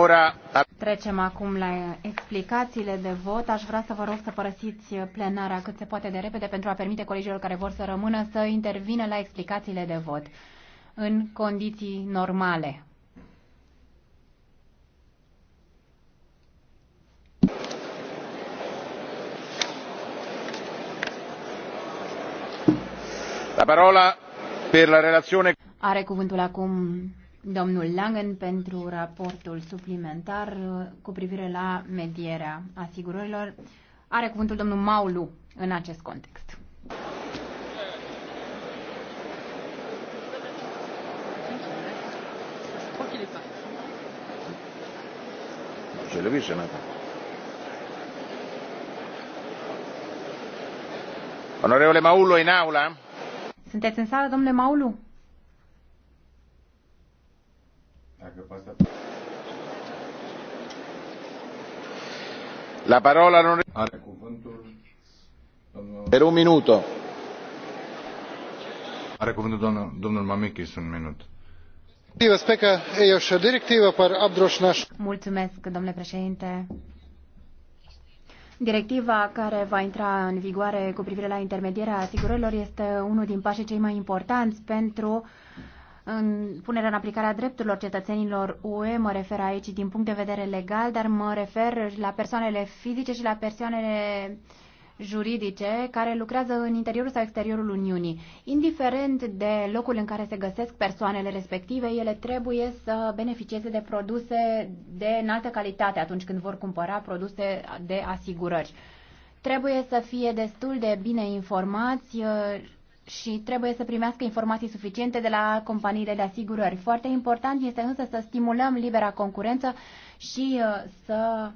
ora Trecem acum la explicațiile de vot. Aș vrea să vă rog să părăsiți plenarea cât se poate de repede pentru a permite colegilor care vor să rămână să intervină la explicațiile de vot în condiții normale. La parola per la relazione. Are cuvântul acum domnul Langen pentru raportul suplimentar uh, cu privire la medierea asigurărilor. Are cuvântul domnul Maulu în acest context. Onorevole Maulu, în aula? Sunteți în sală, domnule Maulu? Dacă poate... La parola non... Are cuvântul... Domnul... Per un minuto. Are cuvântul domnul, domnul Mamichis un minut. Mulțumesc, domnule președinte. Directiva care va intra în vigoare cu privire la intermedierea asigurărilor este unul din pașii cei mai importanți pentru uh, în punerea în aplicare a drepturilor cetățenilor UE, mă refer aici din punct de vedere legal, dar mă refer la persoanele fizice și la persoanele juridice care lucrează în interiorul sau exteriorul Uniunii. Indiferent de locul în care se găsesc persoanele respective, ele trebuie să beneficieze de produse de înaltă calitate atunci când vor cumpăra produse de asigurări trebuie să fie destul de bine informați și trebuie să primească informații suficiente de la companiile de asigurări. Foarte important este însă să stimulăm libera concurență și uh, să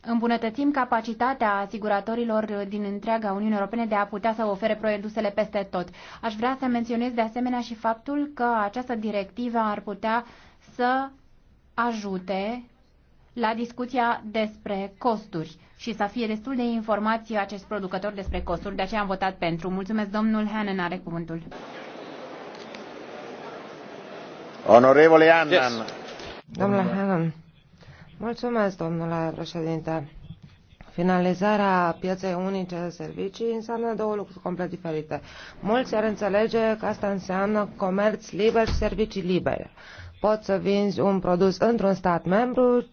îmbunătățim capacitatea asiguratorilor din întreaga Uniune Europene de a putea să ofere produsele peste tot. Aș vrea să menționez de asemenea și faptul că această directivă ar putea să ajute la discuția despre costuri și să fie destul de informații acest producător despre costuri, de aceea am votat pentru. Mulțumesc, domnul Hannan are cuvântul. Onorevole Hannan. Yes. Domnule Hannan, mulțumesc, domnule președinte. Finalizarea pieței unice de servicii înseamnă două lucruri complet diferite. Mulți ar înțelege că asta înseamnă comerț liber și servicii libere. Poți să vinzi un produs într-un stat membru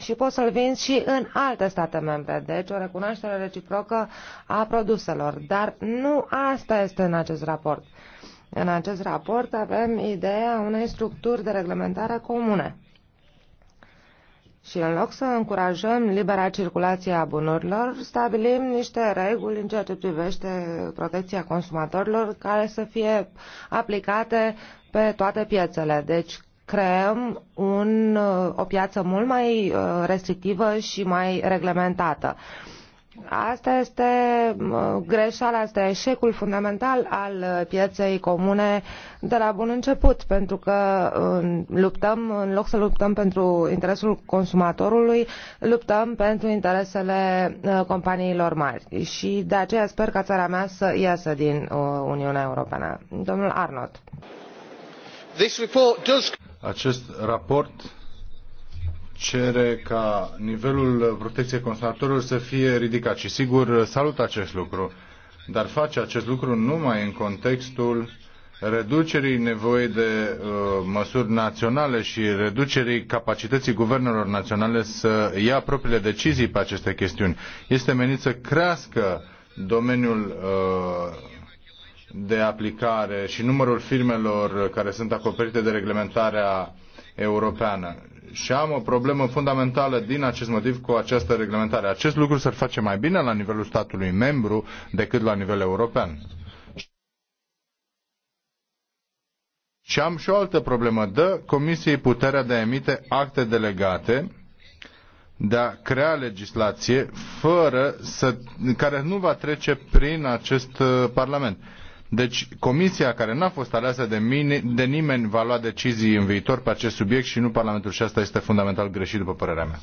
și poți să-l vinzi și în alte state membre. Deci o recunoaștere reciprocă a produselor. Dar nu asta este în acest raport. În acest raport avem ideea unei structuri de reglementare comune. Și în loc să încurajăm libera circulație a bunurilor, stabilim niște reguli în ceea ce privește protecția consumatorilor care să fie aplicate pe toate piețele. Deci creăm un, o piață mult mai uh, restrictivă și mai reglementată. Asta este uh, greșeala, asta este eșecul fundamental al uh, pieței comune de la bun început, pentru că luptăm, în loc să luptăm pentru interesul consumatorului, luptăm pentru interesele companiilor mari. Și de aceea sper ca țara mea să iasă din Uniunea Europeană. Domnul Arnott. This report does... Acest raport cere ca nivelul protecției consumatorilor să fie ridicat și sigur salut acest lucru, dar face acest lucru numai în contextul reducerii nevoii de uh, măsuri naționale și reducerii capacității guvernelor naționale să ia propriile decizii pe aceste chestiuni. Este menit să crească domeniul uh, de aplicare și numărul firmelor care sunt acoperite de reglementarea europeană. Și am o problemă fundamentală din acest motiv cu această reglementare. Acest lucru s-ar face mai bine la nivelul statului membru decât la nivel european. Și am și o altă problemă. Dă Comisiei puterea de a emite acte delegate de a crea legislație fără să, care nu va trece prin acest uh, Parlament. Deci comisia care n-a fost aleasă de, mine, de nimeni va lua decizii în viitor pe acest subiect și nu Parlamentul și asta este fundamental greșit după părerea mea.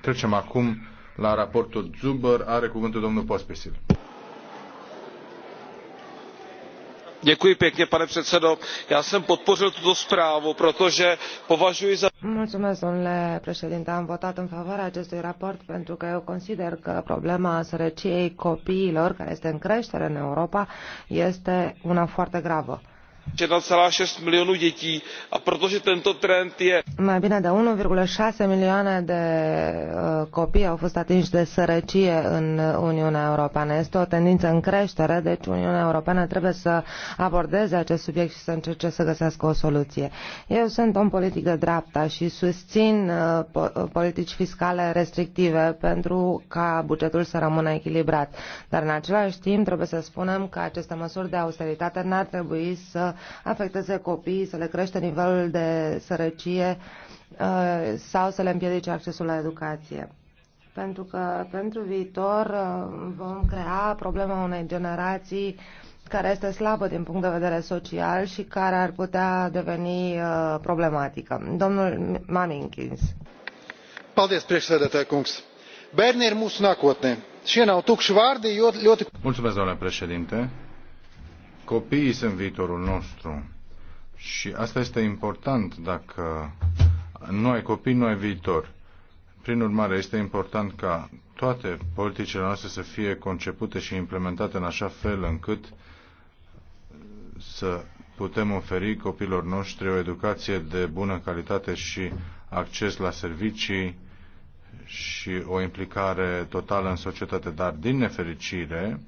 Trecem acum la raportul Zuber. Are cuvântul domnul Pospisil. pane předsedající já jsem podpořil tuto zprávu protože považuji za. domnule președinte am votat în favoarea acestui raport pentru că eu consider că problema sărăciei copiilor care este în creștere în europa este una foarte gravă one six milionů dětí a protože tento trend je. mai bine de unu șase milioane de uh, copii au fost atinși de sărăcie în uniunea europeană. este o tendință în creștere deci uniunea europeană trebuie să abordeze acest subiect și să încerce să găsească o soluție. eu sunt om politic de dreapta și susțin uh, uh, politici fiscale restrictive pentru ca bugetul să rămână echilibrat dar în același timp trebuie să spunem că aceste măsuri de austeritate n ar trebui să afecteze copiii, să le crește nivelul de sărăcie uh, sau să le împiedice accesul la educație pentru că pentru viitor uh, vom crea problema unei generații care este slabă din punct de vedere social și care ar putea deveni uh, problematică. Domnul Maminkins. Paldies, președinte Kungs. Berner musnakotne. Și în autoc și eu... Mulțumesc, domnule președinte. Copiii sunt viitorul nostru și asta este important dacă nu ai copii, nu ai viitor. Prin urmare, este important ca toate politicile noastre să fie concepute și implementate în așa fel încât să putem oferi copiilor noștri o educație de bună calitate și acces la servicii și o implicare totală în societate. Dar, din nefericire,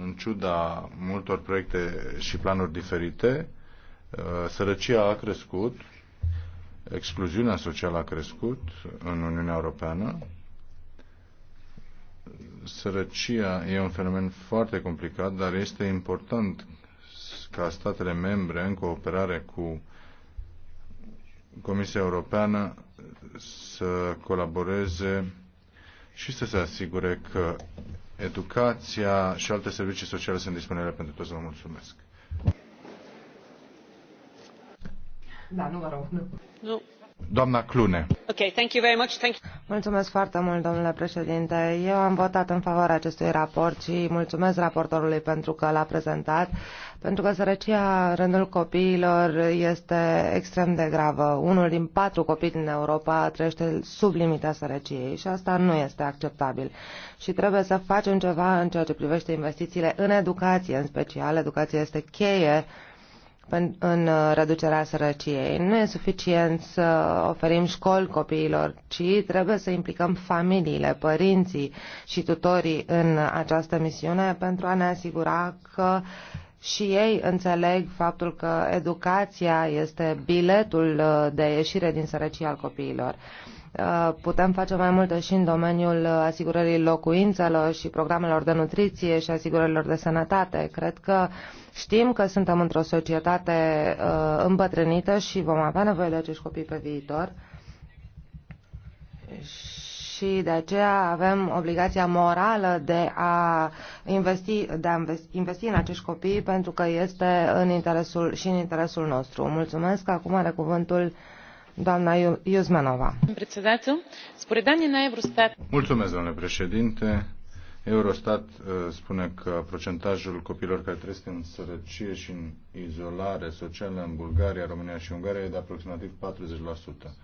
în ciuda multor proiecte și planuri diferite, uh, sărăcia a crescut, excluziunea socială a crescut în Uniunea Europeană. Sărăcia e un fenomen foarte complicat, dar este important ca statele membre, în cooperare cu Comisia Europeană, să colaboreze și să se asigure că educația și alte servicii sociale sunt disponibile pentru toți. Vă mulțumesc. Da, nu vă rog. Nu. nu. Clune. Mulțumesc foarte mult, domnule președinte. Eu am votat în favoarea acestui raport și mulțumesc raportorului pentru că l-a prezentat, pentru că sărăcia în rândul copiilor este extrem de gravă. Unul din patru copii din Europa trăiește sub limita sărăciei și asta nu este acceptabil. Și trebuie să facem ceva în ceea ce privește investițiile în educație, în special. Educația este cheie în uh, reducerea sărăciei. Nu e suficient să oferim școli copiilor, ci trebuie să implicăm familiile, părinții și tutorii în această misiune pentru a ne asigura că și ei înțeleg faptul că educația este biletul uh, de ieșire din sărăcie al copiilor. Uh, Uh, putem face mai multe și în domeniul asigurării locuințelor și programelor de nutriție și asigurărilor de sănătate. Cred că știm că suntem într-o societate uh, îmbătrânită și vom avea nevoie de acești copii pe viitor. Și de aceea avem obligația morală de a investi, de a investi în acești copii pentru că este în interesul, și în interesul nostru. Mulțumesc. Acum are cuvântul Mulțumesc, domnule președinte. Eurostat uh, spune că procentajul copiilor care trăiesc în sărăcie și în izolare socială în Bulgaria, România și Ungaria este de aproximativ sută.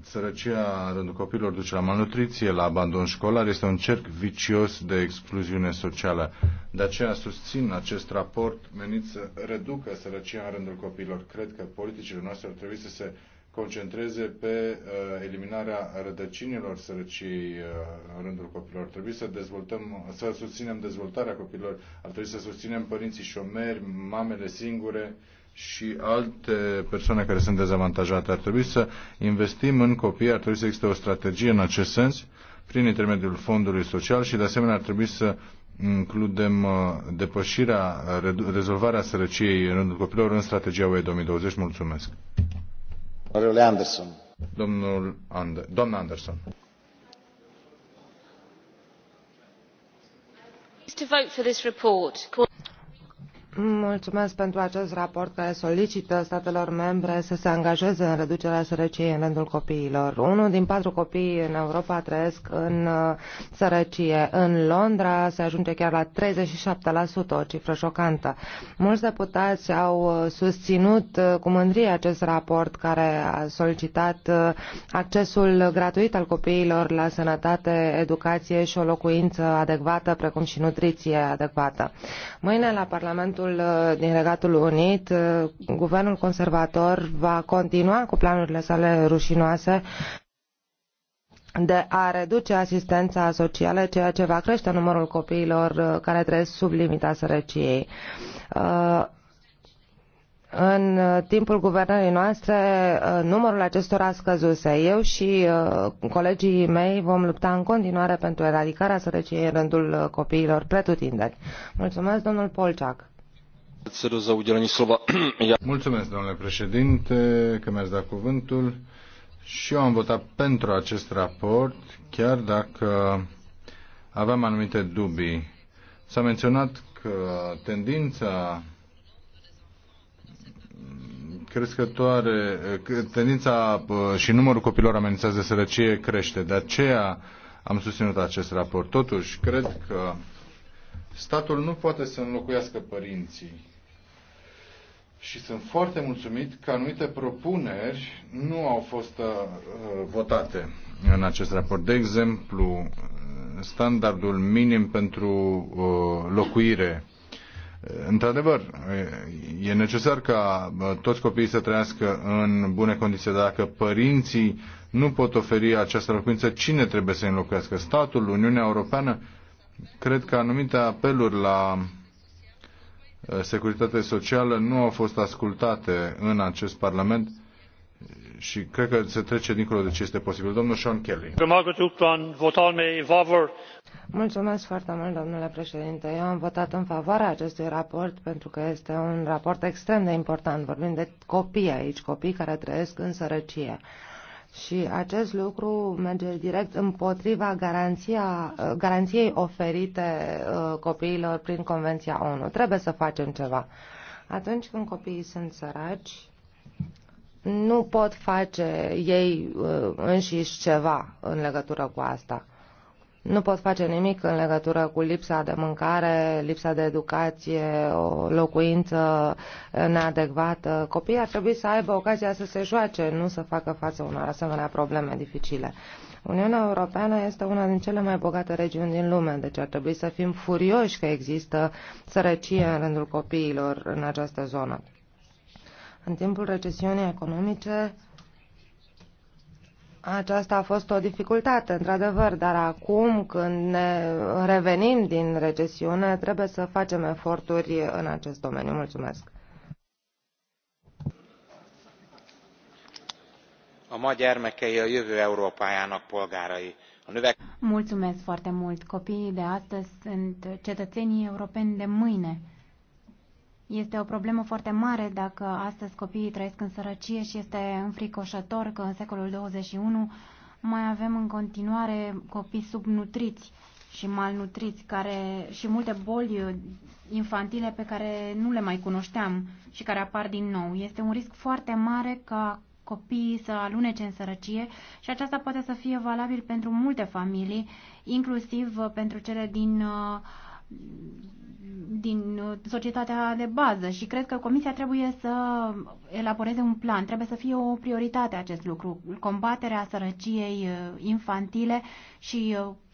Sărăcia rândul copiilor duce la malnutriție, la abandon școlar, este un cerc vicios de excluziune socială. De aceea susțin acest raport menit să reducă sărăcia în rândul copiilor. Cred că politicile noastre ar trebui să se concentreze pe uh, eliminarea rădăcinilor sărăciei uh, în rândul copilor. Ar trebui să dezvoltăm, să susținem dezvoltarea copilor, ar trebui să susținem părinții șomeri, mamele singure, uh, și alte persoane care sunt dezavantajate. Ar trebui să investim în copii, ar trebui să existe o strategie în acest sens prin intermediul fondului social și de asemenea ar trebui să includem uh, depășirea, uh, rezolvarea sărăciei în rândul copilor în strategia UE 2020. Mulțumesc. Domnul Anderson. Domnul Ander, doamna Anderson. To vote for this report. Mulțumesc pentru acest raport care solicită statelor membre să se angajeze în reducerea sărăciei în rândul copiilor. Unul din patru copii în Europa trăiesc în uh, sărăcie. În Londra se ajunge chiar la 37%, o cifră șocantă. Mulți deputați au uh, susținut uh, cu mândrie acest raport care a solicitat accesul gratuit al copiilor la sănătate, educație și o locuință adecvată, precum și nutriție adecvată. Mâine la Parlamentul cazul uh, din Regatul Unit, uh, guvernul conservator va continua cu planurile sale rușinoase de a reduce asistența socială, ceea ce va crește numărul copiilor uh, care trăiesc sub limita sărăciei. În timpul guvernării noastre, numărul acestora scăzuse. Eu și colegii mei vom lupta în continuare pentru eradicarea sărăciei în rândul copiilor pretutindeni. Mulțumesc, domnul Polciac. Mulțumesc, domnule președinte, că mi-ați dat cuvântul. Și eu am votat pentru acest raport, chiar dacă aveam anumite dubii. S-a menționat că tendința crescătoare, tendința și numărul copilor amenințați de sărăcie crește. De aceea am susținut acest raport. Totuși, cred că statul nu poate să înlocuiască părinții și sunt foarte mulțumit că anumite propuneri nu au fost uh, votate în acest raport. De exemplu, standardul minim pentru uh, locuire. Uh, într-adevăr, e necesar ca uh, toți copiii să trăiască în bune condiții. Dacă părinții nu pot oferi această locuință, cine trebuie să înlocuiască? Statul, Uniunea Europeană? Cred că anumite apeluri la uh, Eh, securitate socială nu au fost ascultate în acest Parlament și cred că se trece dincolo de ce este posibil. Domnul Sean Kelly. Mulțumesc foarte mult, domnule președinte. Eu am votat în favoarea acestui raport pentru că este un raport extrem de important. Vorbim de copii aici, copii care trăiesc în sărăcie. Și acest lucru merge direct împotriva garanția, uh, garanției oferite uh, copiilor prin Convenția ONU. Trebuie să facem ceva. Atunci când copiii sunt săraci, nu pot face ei uh, înșiși ceva în legătură cu asta. Nu pot face nimic în legătură cu lipsa de mâncare, lipsa de educație, o locuință neadecvată. Copiii ar trebui să aibă ocazia să se joace, nu să facă față unor asemenea probleme dificile. Uniunea Europeană este una din cele mai bogate regiuni din lume, deci ar trebui să fim furioși că există sărăcie în rândul copiilor în această zonă. În timpul recesiunii economice, aceasta a fost o dificultate, într-adevăr, dar acum când ne revenim din recesiune, trebuie să facem eforturi în acest domeniu. Mulțumesc! A ma a jövő Európájának polgárai. A növek... Mulțumesc foarte mult! Copiii de astăzi sunt cetățenii europeni de mâine. Este o problemă foarte mare dacă astăzi copiii trăiesc în sărăcie și este înfricoșător că în secolul 21 mai avem în continuare copii subnutriți și malnutriți care, și multe boli infantile pe care nu le mai cunoșteam și care apar din nou. Este un risc foarte mare ca copiii să alunece în sărăcie și aceasta poate să fie valabil pentru multe familii, inclusiv pentru cele din uh, din uh, societatea de bază și cred că Comisia trebuie să elaboreze un plan, trebuie să fie o prioritate acest lucru, combaterea sărăciei uh, infantile și uh,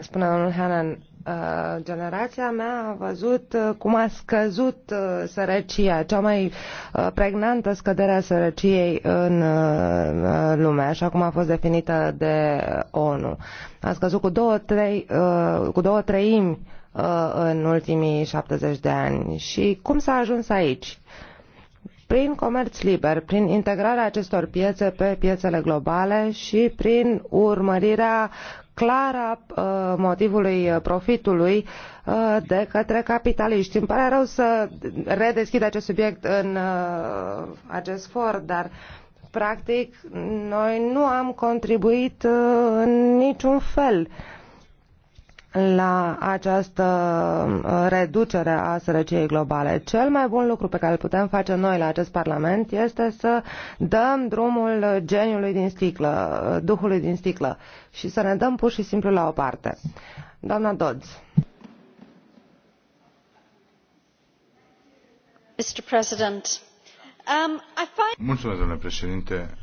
spune domnul Hannan, uh, generația mea a văzut uh, cum a scăzut uh, sărăcia, cea mai pregnantă scădere a sărăciei în lume, așa cum a fost definită de ONU. A scăzut cu două, trei, cu două treimi în ultimii 70 de ani. Și cum s-a ajuns aici? prin comerț liber, prin integrarea acestor piețe pe piețele globale și prin urmărirea Clara a uh, motivului uh, profitului uh, de către capitaliști. Îmi pare rău să redeschid acest subiect în acest for, dar practic noi nu am contribuit în niciun fel uh, la această uh, reducere a sărăciei globale. Cel mai bun lucru pe care îl putem face noi la acest Parlament este să dăm drumul geniului din sticlă, duhului din sticlă și să ne dăm pur și simplu la o parte. Doamna Dodds. Mr. President, um, I find... Mulțumesc, domnule președinte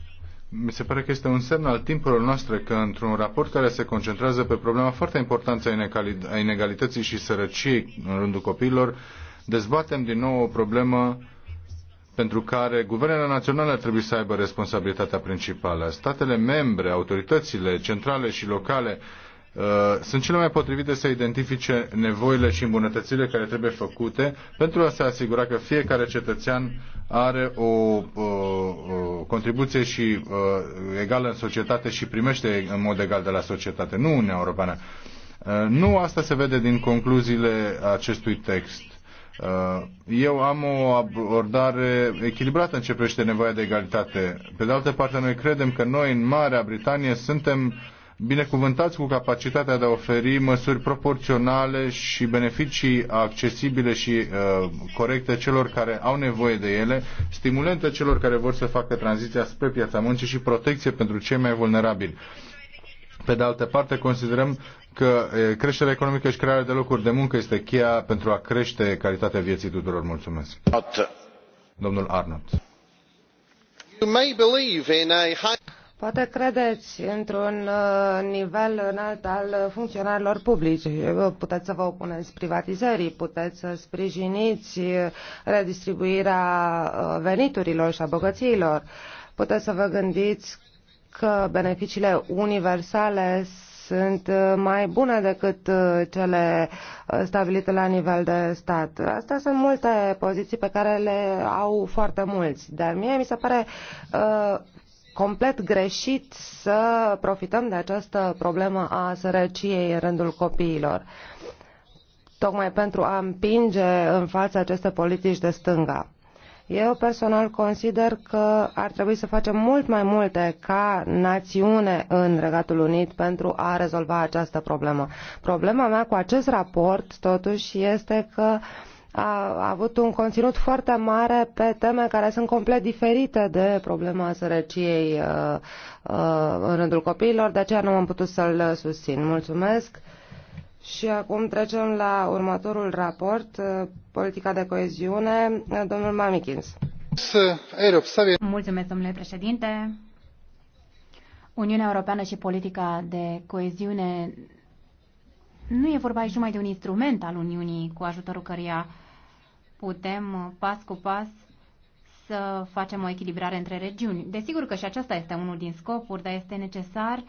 mi se pare că este un semn al timpurilor noastre că într-un raport care se concentrează pe problema foarte importantă a inegalității și sărăciei în rândul copiilor, dezbatem din nou o problemă pentru care guvernele naționale ar trebui să aibă responsabilitatea principală. Statele membre, autoritățile centrale și locale Uh, sunt cele mai potrivite să identifice nevoile și îmbunătățirile care trebuie făcute pentru a se asigura că fiecare cetățean are o, o, uh, o contribuție și o, uh, egală în societate și primește în mod egal de la societate, nu Uniunea Europeană. Nu asta se vede din concluziile acestui text. Eu am o abordare echilibrată în ce privește nevoia de egalitate. Pe de altă parte, noi credem că noi în Marea Britanie suntem uh, binecuvântați cu capacitatea de a oferi măsuri proporționale și beneficii accesibile și uh, corecte celor care au nevoie de ele, stimulente celor care vor să facă tranziția spre piața muncii și protecție pentru cei mai vulnerabili. Pe de altă parte, considerăm că creșterea economică și crearea de locuri de muncă este cheia pentru a crește calitatea vieții tuturor. Mulțumesc. Domnul Arnott. Poate credeți într-un uh, nivel înalt al funcționarilor publici. Puteți să vă opuneți privatizării, puteți să sprijiniți uh, redistribuirea uh, veniturilor și a bogățiilor, puteți să vă gândiți că beneficiile universale sunt mai bune decât cele stabilite la nivel de stat. Astea sunt multe poziții pe care le au foarte mulți, dar mie mi se pare uh, complet greșit să profităm de această problemă a sărăciei în rândul copiilor, tocmai pentru a împinge în fața aceste politici de stânga. Eu personal consider că ar trebui să facem mult mai multe ca națiune în Regatul Unit pentru a rezolva această problemă. Problema mea cu acest raport, totuși, este că uh, a avut un conținut foarte mare pe teme care sunt complet diferite de problema sărăciei uh, uh, în rândul copiilor, de aceea nu am putut să-l susțin. Mulțumesc! Și acum trecem la următorul raport, uh, politica de coeziune, domnul Mamikins. Mulțumesc, domnule președinte! Uniunea Europeană și politica de coeziune nu e vorba aici numai de un instrument al Uniunii cu ajutorul căruia putem pas cu pas să facem o echilibrare între regiuni. Desigur că și aceasta este unul din scopuri, dar este necesar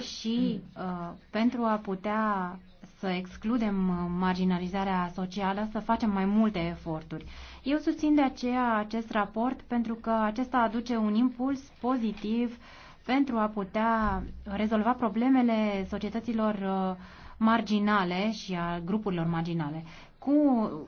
și uh, pentru a putea să excludem marginalizarea socială, să facem mai multe eforturi. Eu susțin de aceea acest raport pentru că acesta aduce un impuls pozitiv pentru a putea rezolva problemele societăților uh, marginale și a grupurilor marginale. Cu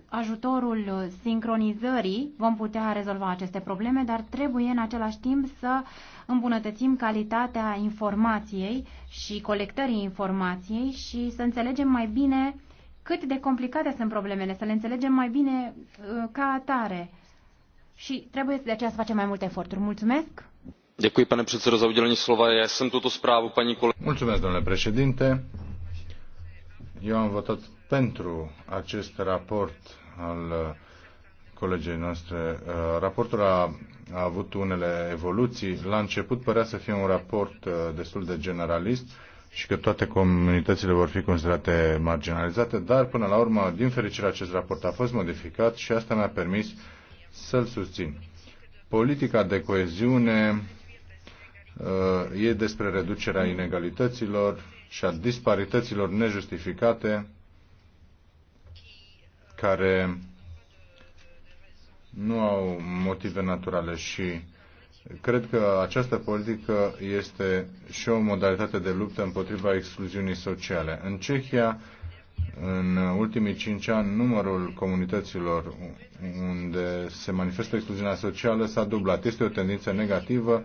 ajutorul sincronizării vom putea rezolva aceste probleme, dar trebuie în același timp să îmbunătățim calitatea informației și colectării informației și să înțelegem mai bine cât de complicate sunt problemele, să le înțelegem mai bine uh, ca atare. Și trebuie de aceea să facem mai multe eforturi. Mulțumesc! Děkuji, pane předsedo, za udělení slova. Já jsem tuto zprávu paní Mulțumesc, domnule președinte. Eu am votat pentru acest raport al uh, colegei noastre. Uh, raportul a, a avut unele evoluții. La început părea să fie un raport uh, destul de generalist și că toate comunitățile vor fi considerate marginalizate, dar până la urmă, din fericire, acest raport a fost modificat și asta mi-a permis să-l susțin. Politica de coeziune e despre reducerea inegalităților, și a disparităților nejustificate care nu au motive naturale și cred că această politică este și o modalitate de luptă împotriva excluziunii sociale. În Cehia, în ultimii cinci ani, numărul comunităților unde se manifestă excluziunea socială s-a dublat. Este o tendință negativă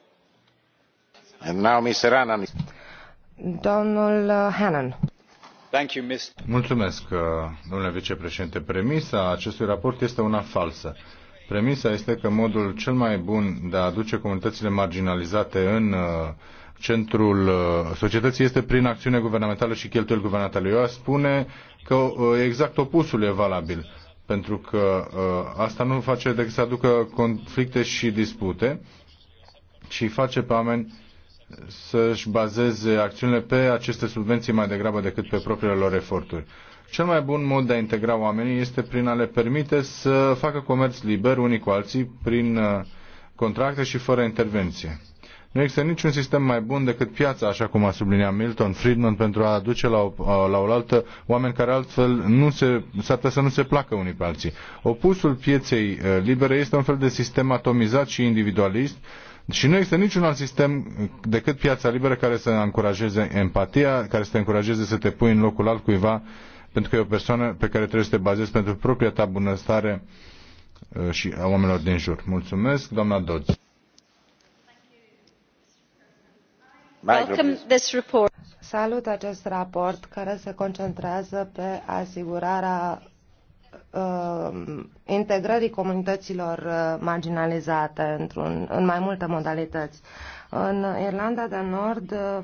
Uh, Hannan. Mulțumesc, uh, domnule vicepreședinte. Premisa acestui raport este una falsă. Premisa este că modul cel mai bun de a aduce comunitățile marginalizate în uh, centrul societății este prin acțiune guvernamentală și cheltuieli guvernamentale. Eu aș spune că exact opusul e valabil, pentru că asta nu face decât să aducă conflicte și dispute și face pe oameni să-și bazeze acțiunile pe aceste subvenții mai degrabă decât pe propriile lor eforturi. Cel mai bun mod de a integra oamenii este prin a le permite să facă comerț liber unii cu alții prin uh, contracte și fără intervenție. Nu există niciun sistem mai bun decât piața, așa cum a subliniat Milton Friedman, pentru a aduce la, la oaltă oameni care altfel nu se, s-ar putea să nu se placă unii pe alții. Opusul pieței uh, libere este un fel de sistem atomizat și individualist, și nu există niciun alt sistem decât piața liberă care să încurajeze empatia, care să te încurajeze să te pui în locul altcuiva, pentru că e o persoană pe care trebuie să te bazezi pentru propria ta bunăstare uh, și a oamenilor din jur. Mulțumesc, doamna Dodds. Salut acest raport care se concentrează pe asigurarea Uh, integrării comunităților uh, marginalizate într-un, în mai multe modalități. În Irlanda de Nord, uh,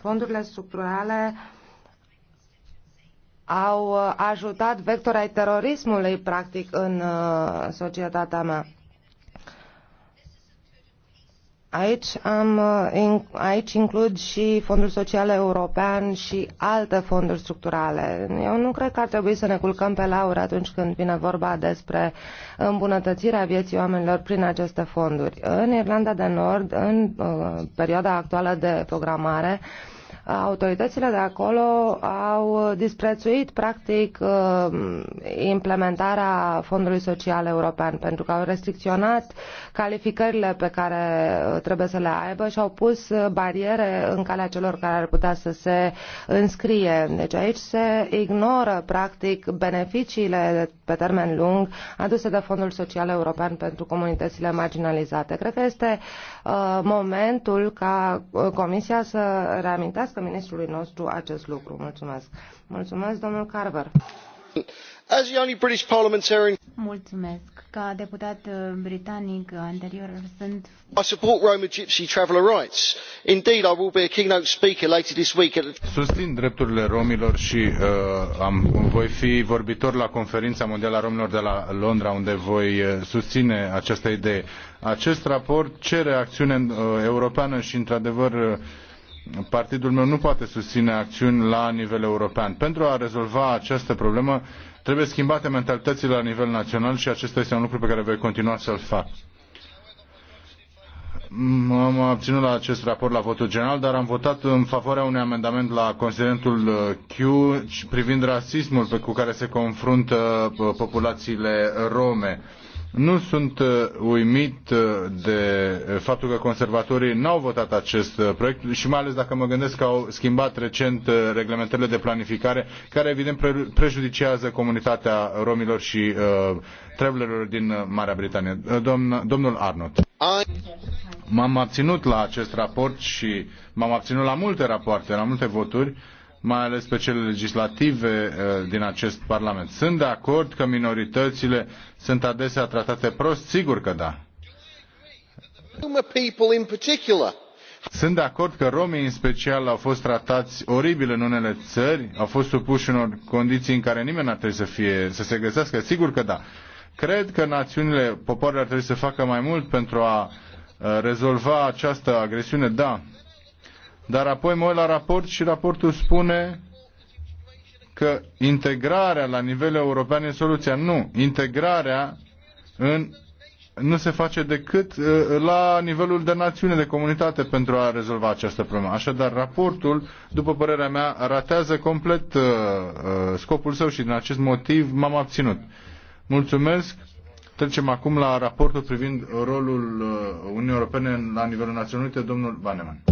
fondurile structurale au ajutat vectorii terorismului, practic, în societatea mea. Aici, am, uh, aici includ și Fondul Social European și alte fonduri structurale. Eu nu cred că ar trebui să ne culcăm pe laură atunci când vine vorba despre îmbunătățirea vieții oamenilor prin aceste fonduri. În Irlanda de Nord, în uh, perioada actuală de programare, uh, autoritățile de acolo au disprețuit practic uh, implementarea Fondului Social European pentru că au restricționat calificările pe care uh, trebuie să le aibă și au pus uh, bariere în calea celor care ar putea să se înscrie. Deci aici se ignoră practic beneficiile pe termen lung aduse de Fondul Social European pentru comunitățile marginalizate. Cred că este Uh, momentul ca uh, Comisia să reamintească ministrului nostru acest lucru. Mulțumesc. Mulțumesc, domnul Carver As the only British parliamentarian... Mulțumesc. Ca deputat uh, britanic uh, anterior sunt I support Roma Gypsy traveller rights. Indeed, I will be a keynote speaker later this week at the... Susțin drepturile romilor și uh, am, voi fi vorbitor la conferința mondială a romilor de la Londra unde voi uh, susține această idee. Acest raport cere acțiune uh, europeană și într-adevăr uh, partidul meu nu poate susține acțiuni la nivel european. Pentru a rezolva această problemă Trebuie schimbate mentalitățile la nivel național și acesta este un lucru pe care voi continua să-l fac. M-am abținut la acest raport la votul general, dar am votat în favoarea unui amendament la considerentul uh, Q privind rasismul pe cu care se confruntă uh, populațiile rome. Nu sunt uh, uimit uh, de uh, faptul că conservatorii n-au votat acest proiect și mai ales dacă mă gândesc că au schimbat recent reglementările de planificare care evident prejudiciază comunitatea romilor și uh, travelerilor din Marea Britanie. Domn, domnul Arnott. M-am abținut la acest raport și m-am abținut la multe rapoarte, la multe voturi mai ales pe cele legislative uh, din acest Parlament. Sunt de acord că minoritățile sunt adesea tratate prost? Sigur că da. Sunt de acord că romii în special au fost tratați oribil în unele țări, au fost supuși unor condiții în care nimeni n-ar trebui să, fie, să se găsească, sigur că da. Cred că națiunile, popoarele ar trebui să facă mai mult pentru a uh, rezolva această agresiune, da, dar apoi mă uit la raport și raportul spune că integrarea la nivel european e soluția. Nu, integrarea în, nu se face decât uh, la nivelul de națiune, de comunitate pentru a rezolva această problemă. Așadar, raportul, după părerea mea, ratează complet uh, uh scopul său și din acest motiv m-am abținut. Mulțumesc. Trecem acum la raportul privind rolul uh, Uniunii Europene la nivelul Națiunilor Unite, domnul Baneman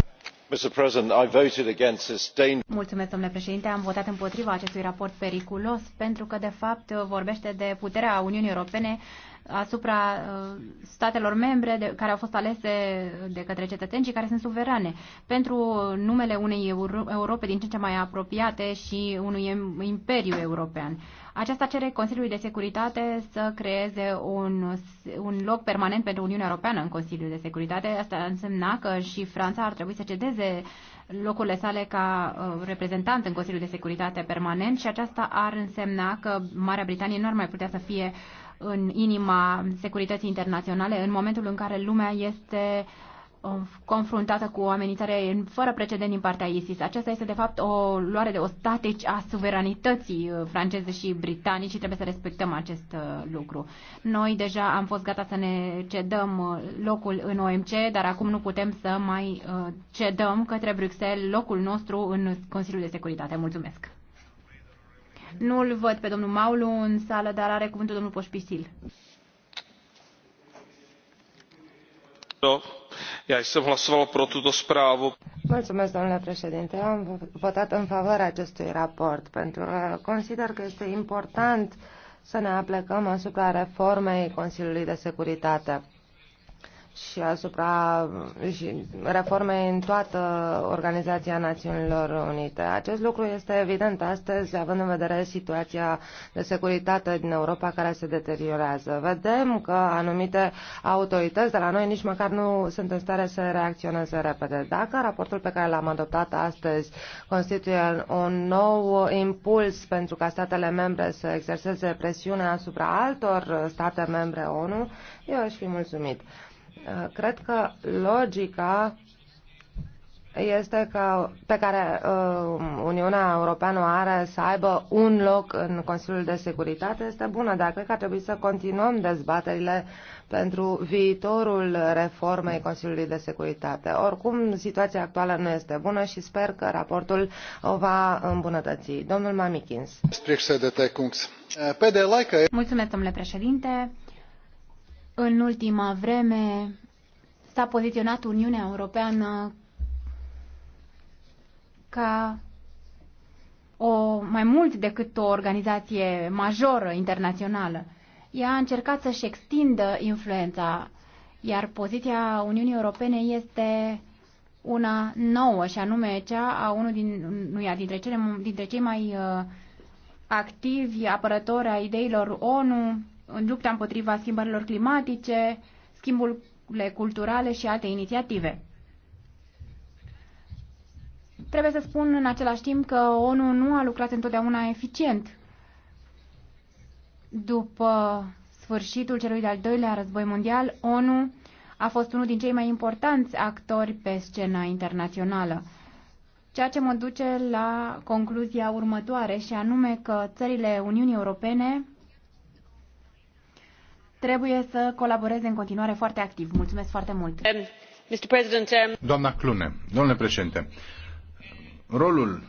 domnule președinte. Am votat împotriva acestui raport periculos pentru că, de fapt, vorbește de puterea Uniunii Europene asupra uh, statelor membre care au fost alese de către cetățeni și care sunt suverane. Pentru numele unei Europe din ce în ce mai apropiate și unui imperiu european. Aceasta cere Consiliului de Securitate să creeze un, un loc permanent pentru Uniunea Europeană în Consiliul de Securitate. Asta însemna că și Franța ar trebui să cedeze locurile sale ca uh, reprezentant în Consiliul de Securitate permanent și aceasta ar însemna că Marea Britanie nu ar mai putea să fie în inima securității internaționale în momentul în care lumea este uh, Um, confruntată cu o amenințare fără precedent din partea ISIS. Aceasta este, de fapt, o luare de ostateci a suveranității uh, franceze și britanici și trebuie să respectăm acest uh, lucru. Noi deja am fost gata să ne cedăm uh, locul în OMC, dar acum nu putem să mai cedăm către Bruxelles locul nostru în Consiliul de Securitate. Mulțumesc! Nu-l văd pe domnul Maulu în sală, dar are cuvântul domnul Poșpisil. Mulțumesc, domnule președinte am votat în favoarea acestui raport pentru că consider că este important să ne aplecăm asupra reformei consiliului de securitate și asupra și reforme în toată Organizația Națiunilor Unite. Acest lucru este evident astăzi, având în vedere situația de securitate din Europa care se deteriorează. Vedem că anumite autorități de la noi nici măcar nu sunt în stare să reacționeze repede. Dacă raportul pe care l-am adoptat astăzi constituie un nou impuls pentru ca statele membre să exerseze presiune asupra altor state membre ONU, eu aș fi mulțumit. Eh, cred că logica este că pe care uh, Uniunea Europeană o are să aibă un loc în Consiliul de Securitate este bună, dar cred că ar trebui să continuăm dezbaterile pentru viitorul reformei Consiliului de Securitate. Oricum, situația actuală nu este bună și sper că raportul o va îmbunătăți. Domnul Mamikins. Mulțumesc, eh, domnule președinte. În ultima vreme s-a poziționat Uniunea Europeană ca o, mai mult decât o organizație majoră internațională. Ea a încercat să-și extindă influența, iar poziția Uniunii Europene este una nouă, și anume cea a unul din, ea, dintre, cele, dintre cei mai uh, activi apărători a ideilor ONU, în lupta împotriva schimbărilor climatice, schimburile culturale și alte inițiative. Trebuie să spun în același timp că ONU nu a lucrat întotdeauna eficient. După sfârșitul celui de-al doilea război mondial, ONU a fost unul din cei mai importanți actori pe scena internațională. Ceea ce mă duce la concluzia următoare și anume că țările Uniunii Europene trebuie să colaboreze în continuare foarte activ. Mulțumesc foarte mult! Um, um, Doamna Clune, domnule președinte, rolul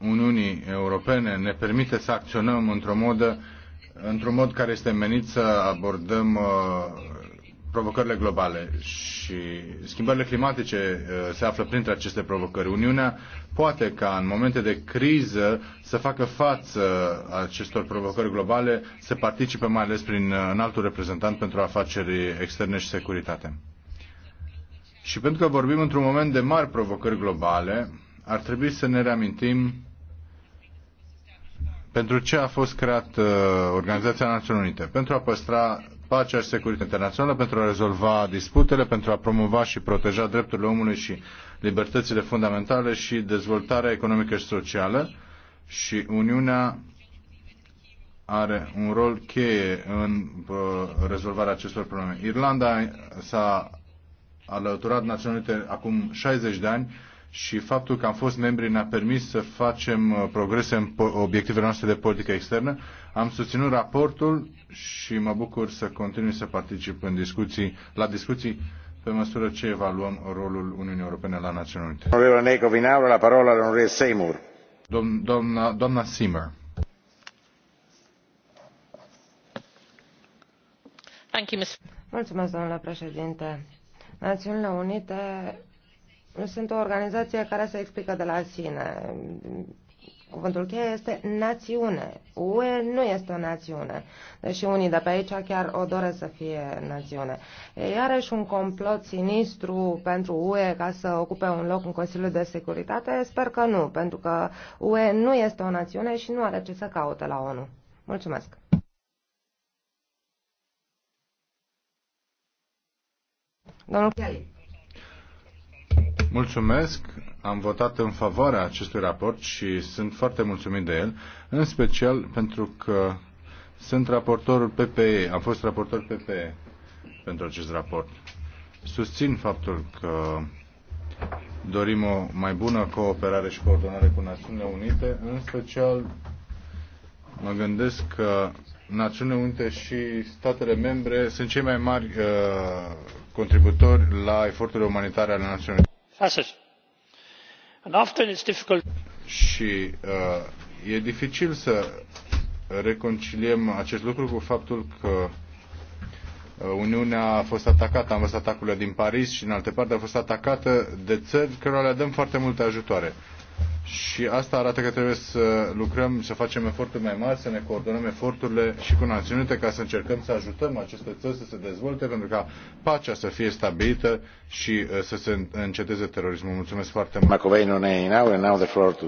Uniunii Europene ne permite să acționăm într un mod, într-un mod care este menit să abordăm uh, provocările globale și schimbările climatice uh, se află printre aceste provocări. Uniunea poate ca în momente de criză să facă față acestor provocări globale, să participe mai ales prin înaltul uh, reprezentant pentru afaceri externe și securitate. Și pentru că vorbim într-un moment de mari provocări globale, ar trebui să ne reamintim pentru ce a fost creat uh, Organizația Națiunilor Unite? Pentru a păstra pacea și securitatea internațională, pentru a rezolva disputele, pentru a promova și proteja drepturile omului și libertățile fundamentale și dezvoltarea economică și socială. Și Uniunea are un rol cheie în uh, rezolvarea acestor probleme. Irlanda s-a alăturat Națiunile acum 60 de ani și faptul că am fost membri ne-a permis să facem uh, progrese în obiectivele noastre de politică externă am susținut raportul și mă bucur să continui să particip în discuții, la discuții pe măsură ce evaluăm rolul Uniunii Europene la Națiunile Unite. Domnule Neco, vinaură, la parola domnule Seymour. doamna, doamna Seymour. Mulțumesc, domnule președinte. Națiunile Unite sunt o organizație care se explică de la sine. Cuvântul cheie este națiune. UE nu este o națiune, deși unii de pe aici chiar o doresc să fie națiune. E iarăși un complot sinistru pentru UE ca să ocupe un loc în Consiliul de Securitate? Sper că nu, pentru că UE nu este o națiune și nu are ce să caute la ONU. Mulțumesc! Domnul Kelly. Mulțumesc am votat în favoarea acestui raport și sunt foarte mulțumit de el, în special pentru că sunt raportorul PPE, am fost raportor PPE pentru acest raport. Susțin faptul că dorim o mai bună cooperare și coordonare cu Națiunile Unite, în special mă gândesc că Națiunile Unite și statele membre sunt cei mai mari uh, contributori la eforturile umanitare ale Națiunilor Unite. Și uh, e dificil să reconciliem acest lucru cu faptul că uh, Uniunea a fost atacată, am văzut atacurile din Paris și în alte părți, a fost atacată de țări cărora le dăm foarte multe ajutoare. Și asta arată că trebuie să lucrăm, să facem eforturi mai mari, să ne coordonăm eforturile și cu Națiunile ca să încercăm să ajutăm aceste țări să se dezvolte pentru ca pacea să fie stabilită și uh, să se înceteze terorismul. Mulțumesc foarte mult. Macovei nu e now, and now the floor to...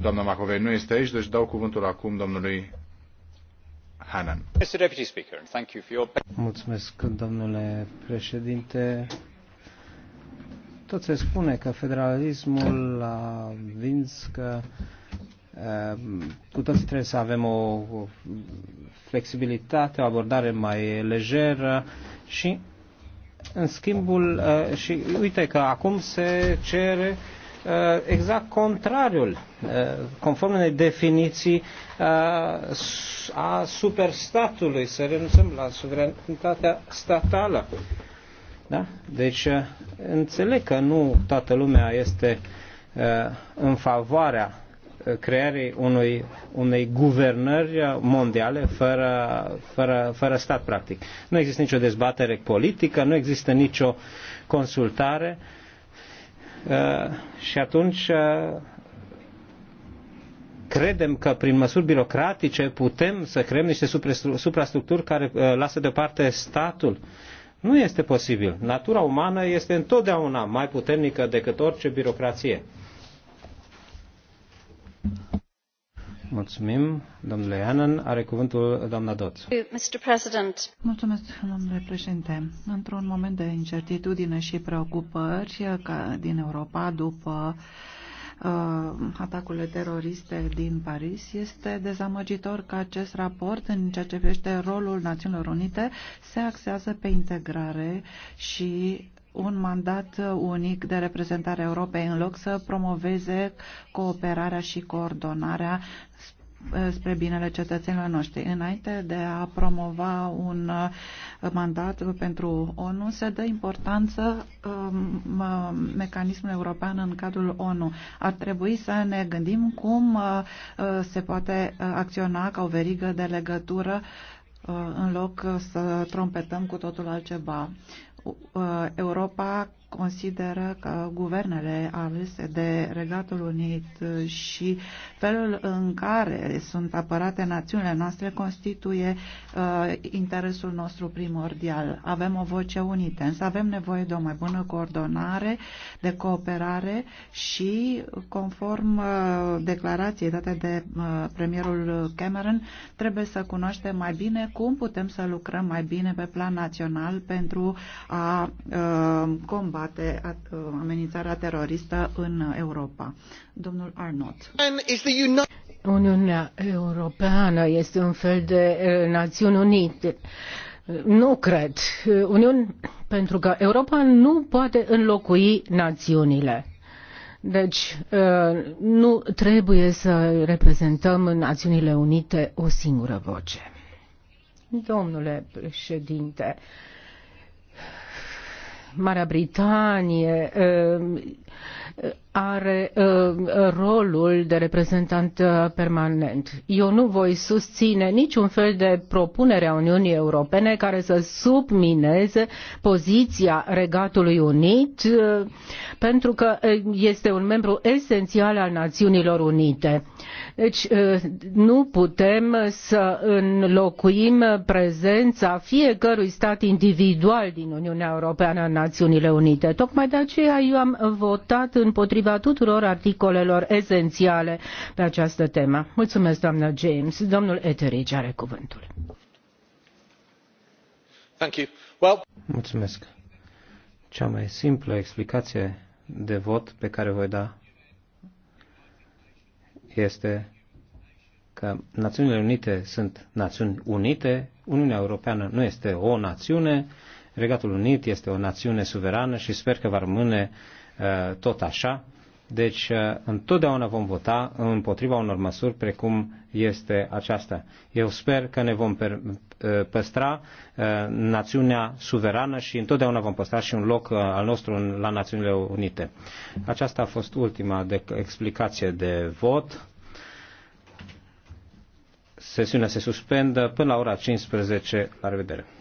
Doamna Macovei nu este aici, deci dau cuvântul acum domnului Hanan. Mulțumesc, domnule președinte tot se spune că federalismul a vins că ehm, cu toții trebuie să avem o flexibilitate, o abordare mai lejeră și în schimbul eh, și uite că acum se cere eh, exact contrariul, eh, conform unei definiții a superstatului, să renunțăm la suveranitatea statală. Da? Deci uh, înțeleg că nu toată lumea este uh, în favoarea uh, creării unui, unei guvernări mondiale fără, fără, fără stat, practic. Nu există nicio dezbatere politică, nu există nicio consultare și atunci credem că prin măsuri birocratice putem să creăm niște suprastructuri care lasă deoparte statul nu este posibil. Natura umană este întotdeauna mai puternică decât orice birocrație. Mulțumim, domnule Ianan. Are cuvântul doamna Doț. Mulțumesc, domnule președinte. Într-un moment de incertitudine și preocupări din Europa după uh, Uh, atacurile teroriste din Paris. Este dezamăgitor că acest raport, în ceea ce privește rolul Națiunilor Unite, se axează pe integrare și un mandat unic de reprezentare a Europei în loc să promoveze cooperarea și coordonarea Eh, spre binele cetățenilor noștri. Înainte de a promova un eh, mandat pentru ONU, se dă importanță ehm, mecanismul european în cadrul ONU. Ar trebui să ne gândim cum eh, se poate acționa ca o verigă de legătură în loc să trompetăm cu totul altceva. Europa consideră că guvernele alese de Regatul Unit și felul în care sunt apărate națiunile noastre constituie uh, interesul nostru primordial. Avem o voce unită, însă avem nevoie de o mai bună coordonare, de cooperare și, conform uh, declarației date de uh, premierul Cameron, trebuie să cunoaștem mai bine cum putem să lucrăm mai bine pe plan național pentru a uh, combate combate uh, amenințarea teroristă în Europa. Domnul Arnott. Uniunea Europeană este un fel de uh, Națiuni Unite. Nu cred. Uniuni, pentru că Europa nu poate înlocui națiunile. Deci uh, nu trebuie să reprezentăm în Națiunile Unite o singură voce. Domnule președinte, Marea Britanie are uh, rolul de reprezentant uh, permanent. Eu nu voi susține niciun fel de propunere a Uniunii Europene care să submineze poziția Regatului Unit uh, pentru că este un membru esențial al Națiunilor Unite. Deci nu putem să înlocuim prezența fiecărui stat individual din Uniunea Europeană în Națiunile Unite. Tocmai de aceea eu am votat împotriva tuturor articolelor esențiale pe această temă. Mulțumesc, doamna James. Domnul Etheridge are cuvântul. Thank you. Well... Mulțumesc. Cea mai simplă explicație de vot pe care voi da este că Națiunile Unite sunt Națiuni Unite, Uniunea Europeană nu este o națiune, Regatul Unit este o națiune suverană și sper că va rămâne Eh, tot așa. Deci, eh, întotdeauna vom vota împotriva unor măsuri precum este aceasta. Eu sper că ne vom eh, păstra națiunea suverană și întotdeauna vom păstra și un loc al nostru la Națiunile Unite. Aceasta a fost ultima de explicație de vot. Sesiunea se suspendă până la ora 15. La revedere!